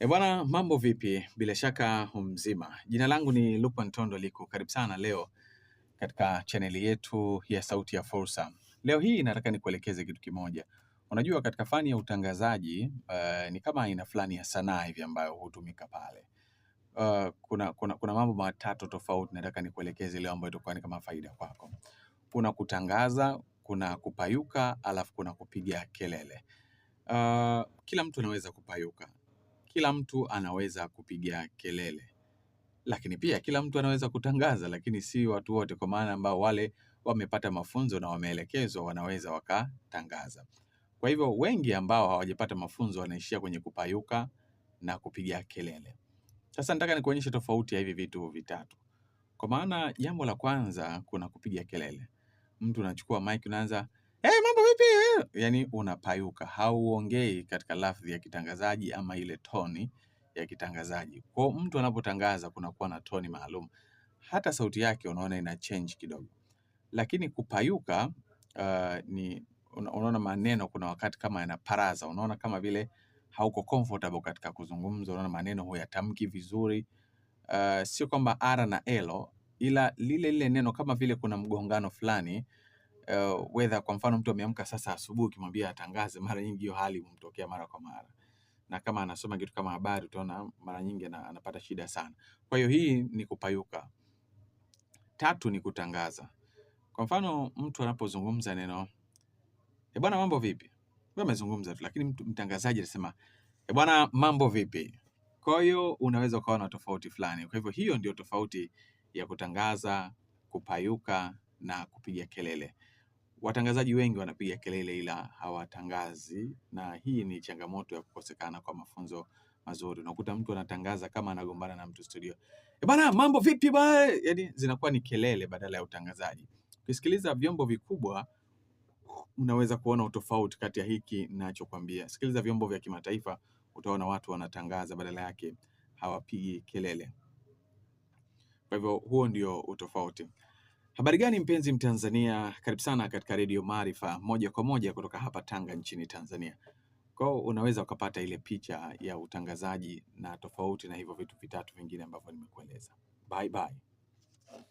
Ebwana, mambo vipi? Bila shaka mzima. Jina langu ni Lukman Tondo Liku, karibu sana leo katika chaneli yetu ya Sauti ya Fursa. Leo hii nataka nikuelekeze kitu kimoja. Unajua, katika fani ya utangazaji uh, ni kama aina fulani ya sanaa hivi ambayo hutumika pale. Uh, kuna, kuna, kuna mambo matatu tofauti nataka nikuelekeze leo ambayo itakuwa ni kama faida kwako. Kuna kutangaza, kuna kupayuka, alafu kuna kupiga kelele. Uh, kila mtu anaweza kupayuka kila mtu anaweza kupiga kelele, lakini pia kila mtu anaweza kutangaza, lakini si watu wote, kwa maana ambao wale wamepata mafunzo na wameelekezwa wanaweza wakatangaza. Kwa hivyo wengi ambao hawajapata mafunzo wanaishia kwenye kupayuka na kupiga kelele. Sasa nataka nikuonyeshe tofauti ya hivi vitu vitatu. Kwa maana jambo la kwanza kuna kupiga kelele. Mtu unachukua mic unaanza, "Hey, eh, mambo vipi, yani unapayuka, hauongei katika lafdhi ya kitangazaji ama ile toni ya kitangazaji. Kwa mtu anapotangaza kunakuwa na toni maalum, hata sauti yake unaona ina change kidogo. Lakini kupayuka uh, ni unaona maneno, kuna wakati kama yanaparaza, unaona kama vile hauko comfortable katika kuzungumza, unaona maneno huyatamki vizuri. Uh, sio kwamba R na L ila lile lile neno kama vile kuna mgongano fulani uh, eh, whether kwa mfano mtu ameamka sasa asubuhi, ukimwambia atangaze, mara nyingi hiyo hali humtokea mara kwa mara, na kama anasoma kitu kama habari, utaona mara nyingi anapata shida sana. Kwa hiyo hii ni kupayuka. Tatu ni kutangaza. Kwa mfano mtu anapozungumza neno e, bwana mambo vipi, amezungumza tu, lakini mtu mtangazaji anasema e, bwana mambo vipi. Kwa hiyo unaweza ukawa na tofauti fulani. Kwa hivyo hiyo ndio tofauti ya kutangaza, kupayuka na kupiga kelele watangazaji wengi wanapiga kelele ila hawatangazi, na hii ni changamoto ya kukosekana kwa mafunzo mazuri. Unakuta mtu anatangaza kama anagombana na mtu studio, e bana, mambo vipi ba, yani zinakuwa ni kelele badala ya utangazaji. Ukisikiliza vyombo vikubwa unaweza kuona utofauti kati ya hiki ninachokwambia. Sikiliza vyombo vya kimataifa, utaona watu wanatangaza, badala yake hawapigi kelele. Kwa hivyo huo ndio utofauti. Habari gani mpenzi Mtanzania, karibu sana katika Redio Maarifa moja kwa moja kutoka hapa Tanga nchini Tanzania. Kwao unaweza ukapata ile picha ya utangazaji na tofauti na hivyo vitu vitatu vingine ambavyo nimekueleza. Bye bye.